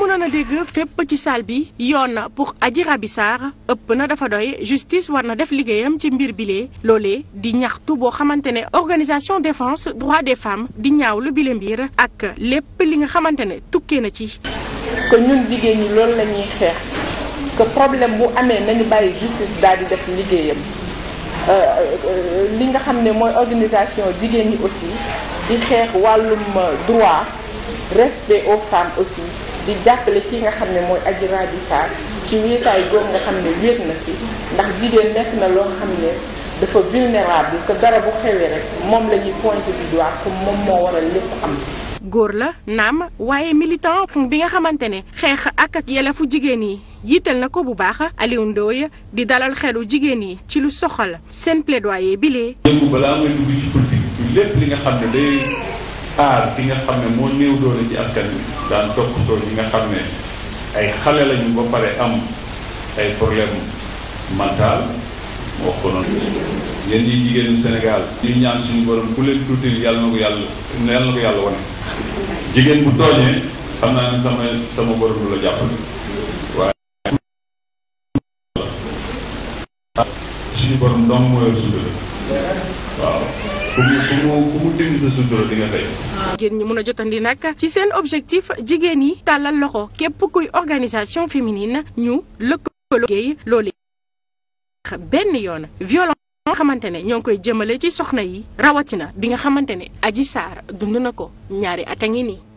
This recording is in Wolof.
mënoon a dégg fépp ci salle bi yoon na pour Adji Raby Sarr ëpp na dafa doy justice war na def liggéeyam ci mbir bile loolee di ñaxtu boo xamante ne organisation défense droit des femmes di ñaaw lu bile mbir ak lépp li nga xamante ne tukkee na ci. que ñun jigéen ñi loolu la xeex que problème bu amee nañu bàyyi daal di def liggéeyam euh, euh, li nga xam ne mooy organisation jigéen ñi aussi di xeex wàllum droit respect aux femmes aussi. di jàppale ki nga xam ne mooy Adji Raby Sarr ci wéetaay góor nga xam ne wéet na si ndax jigéen nekk na loo xam ne dafa vulnérable que dara bu xewee rek moom la ñuy pointé du doigt moom moo waral lépp am. góor la naam waaye militant bi nga xamante ne xeex ak ak yelleefu jigéen yi yiital na ko bu baax Aliou di dalal xelu jigéen yi ci lu soxal seen plaidoyer bi lee. léegi balaa ngay dugg ci politique bi lépp li nga xam ne day aar ki nga xam ne moo néew doole ci askan bi daan toppatoo yi nga xam ne ay xale lañu ba pare am ay problème mental mu wax ko noonu yéen ñi jigéenu Sénégal ñuy ñaan suñu borom ku leen tuutil yàlla na ko yàlla yàlla na ko yàlla wane jigéen bu tooñee xam naa ne sama sama borom du la jàppale waaye ku mu ku mu di nga ñi mën a jotandi nag ci seen objectif jigéen yi tàllal loxo képp kuy organisation féminine ñu lëkkaloo liggéey loolu benn yoon violence nga xamante ne ñoo ngi koy jëmale ci soxna yi rawatina bi nga xamante ne Adji Sarr dund na ko ñaari at a ngi nii.